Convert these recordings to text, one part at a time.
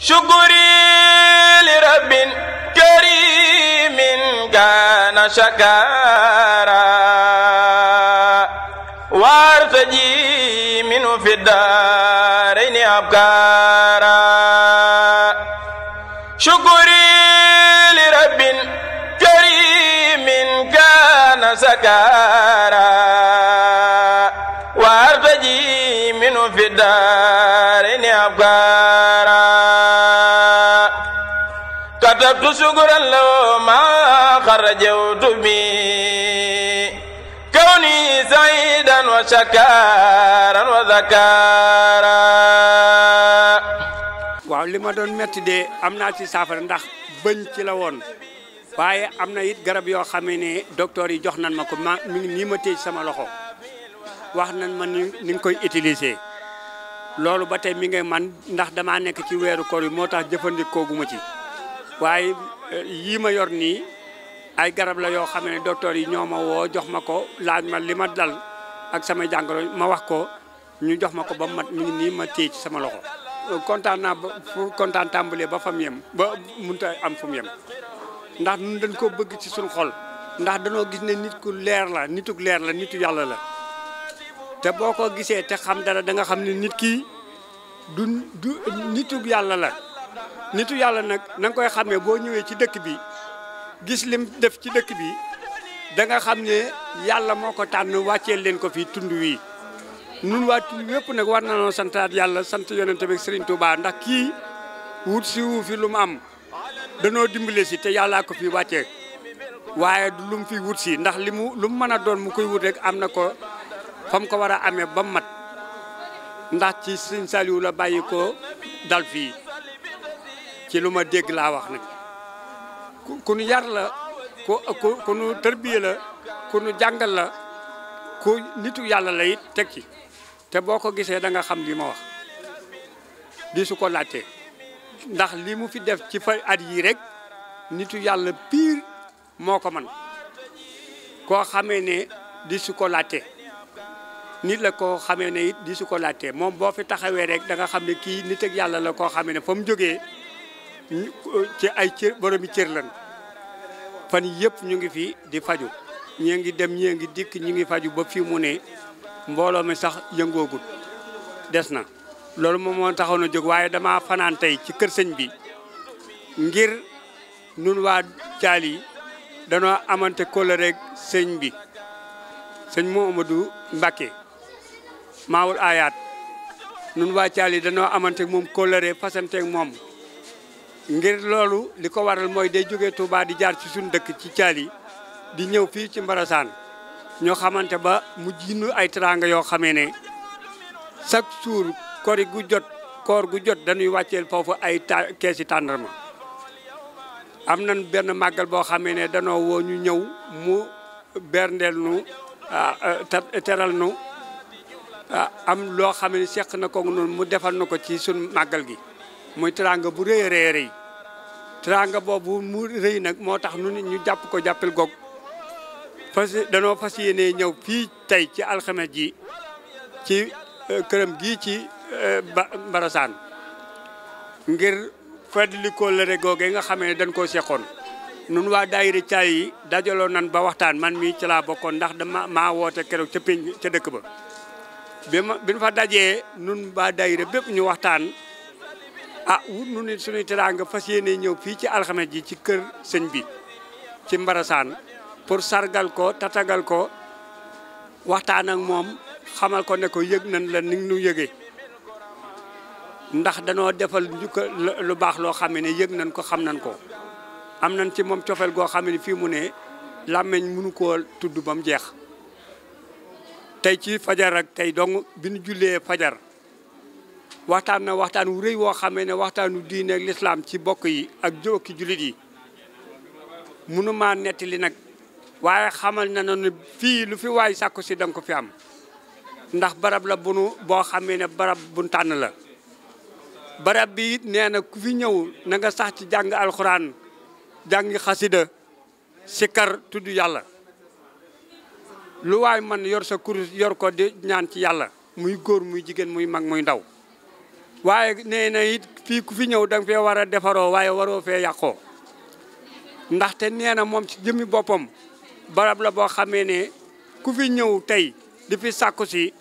شكري لرب كريم كان شكارا وارتجي منه في الدارين أبكارا شكري لرب كريم كان سكارا كتبت شكرا له ما خرجت به waaw li ma doon métti de am naa ci saafara ndax bëñ ci la woon waaye am na it garab yoo xamee ne docteur yi jox nan ma ko ma mi ngi nii ma téye sama loxo wax nan ma ni ni nga koy utilise loolu ba tey mi ngay man ndax damaa nekk ci weeru koor yi moo tax jëfandikoo gu ma ci waaye eh, yii ma yor nii ay garab la yoo xam ne docteur yi ñoo ma woo jox ma ko laaj ma li ma dal ak sama jàngoro ma wax ko ñu jox ma ko ba mat mi ngi nii ma téye ci sama loxo. kontaan naa ba pour kontaan tàmbalee ba fa mu ba mënut am fu ndax ñun dañ koo bëgg ci suñu xol ndax danoo gis ne nit ku leer la nitu leer la nitu yàlla la te boo ko gisee te xam dara da nga xam ne nit kii du du nitu yàlla la. nitu yàlla nag na nga koy xamee boo ñëwee ci dëkk bi gis lim def ci dëkk bi danga xam ne yàlla moo ko tànn wàcceel leen ko fii tund wii nun waa tund yëpp nag war nañoo santaat yàlla sant yonent bi Serigne Touba ndax kii wut si fi lu mu am danoo dimbale si te yàllaa ko fi wàccee waaye du lum fi wut si ndax li mu lu mën a doon mu koy wut rek am na ko fam ko war a amee ba mat ndax ci Serigne Saliou bàyyi ko dal fii ci lu ma dégg laa wax nag ku nu yar la ku ku nu la ku nu jàngal la ku nitu yàlla la yit teg ci te boo ko gisee da nga xam li ma wax di su ko laajtee ndax li mu fi def ci fa at yii rek nittu yàlla pire moo ko man koo xamee ne di su ko laajtee nit la koo xamee ne it di su ko laajtee moom boo fi taxawee rek danga xam ne kii nit yàlla la koo xamee ne fa mu jógee ci ay cër boromi cër lan fan yëpp ñu ngi fi di faju ñee ngi dem ñee ngi dikk ñu ngi faju ba fii mu ne mbooloo mi sax yëngoogut des na loolu moom moo taxoon a jóg waaye dama fanaan tey ci kër sëñ bi ngir nun waa caal danoo amante kóllëreeg sëñ bi sëñ Mouhamadou Mbacké maawul aayaat nun waa caali yi danoo amante moom kóllëre fasanteeg moom ngir loolu li ko waral mooy day jógee Touba di jaar ci suñu dëkk ci Thiali di ñëw fii ci Mbarasaan ñoo xamante ba mu jinnu ay teraanga yoo xamee ne chaque jour kori gu jot koor gu jot dañuy wàcceel foofu ay ta keesi tàndarma am nañ benn màggal boo xamee ne danoo woo ñu ñëw mu berndeel nu ah, eh, teral nu ah, am loo xam ne seq na ko noonu mu defal na ko ci suñ màggal gi muy teraanga bu rëy a rëy teraanga boobu mu rëy nag moo tax nu ñu jàpp ko jàppil goog fas danoo fas yéene ñëw fii tey ci alxames ji ci euh, këram gii ci euh, Mbarasaan ngir fàttali ko la rek googee nga xamee dañ koo seqoon nun waa daayira caay yi dajaloo nan ba waxtaan man mii ci laa bokkoon ndax dama maa woote keroog ca pénc ca dëkk ba bi fa dajee nun waa daayira bépp ñu waxtaan a ah, wut nu nit suñuy teraanga fas yéene ñëw fii ci alxames ji ci kër sëñ bi ci mbarasaan pour sargal ko tatagal ko waxtaan ak moom xamal ko ne ko yëg nañ la ni nu yëgee ndax danoo defal njukka lu baax loo xam ne yëg nañ ko xam nañ ko am nañ ci moom cofeel goo xam ne fii mu ne làmmeñ mënu koo tudd ba mu jeex tey ci fajar ak tey dong bi nu jullee fajar waxtaan na waxtaan wu rëy woo xamee ne waxtaanu diiné ak l'islam ci bokk yi ak jokki julit yi mënuma nettali nak waye xamal na non fi lu fi way sakku ci dang ko fi am ndax barab la bunu bo xamé né barab bu tan la barab bi na ku fi ñew na nga sax ci jàng alxuraan jàng khasida sikar tuddu yalla lu way man yor sa kurus yor ko di ñaan ci yalla muy góor muy jigen muy mag muy ndaw waaye nee na it fii ku fi ñëw da nga fee war a defaroo waaye waroo fee yàqoo ndaxte nee na moom ci jëmmi boppam barab la boo xamee ne ku fi ñëw tey di fi sàkku si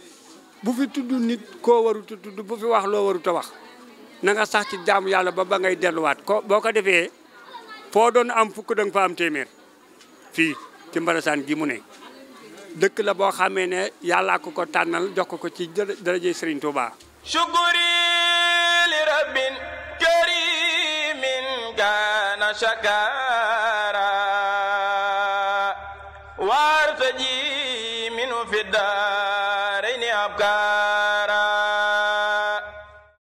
bu tudd nit ko warut a tudd bu fi wax loo waruta wax na nga sax ci jaamu yàlla ba ba ngay delluwaat ko boo ko defee foo doon am fukk da nga fa am téeméer fii ci gi mu ne dëkk la boo xamee ne yàllaa ko ko tànnal jox ko ko ci daraje Serigne Touba. رب كريم كان شكارا وارتجي منه في الدار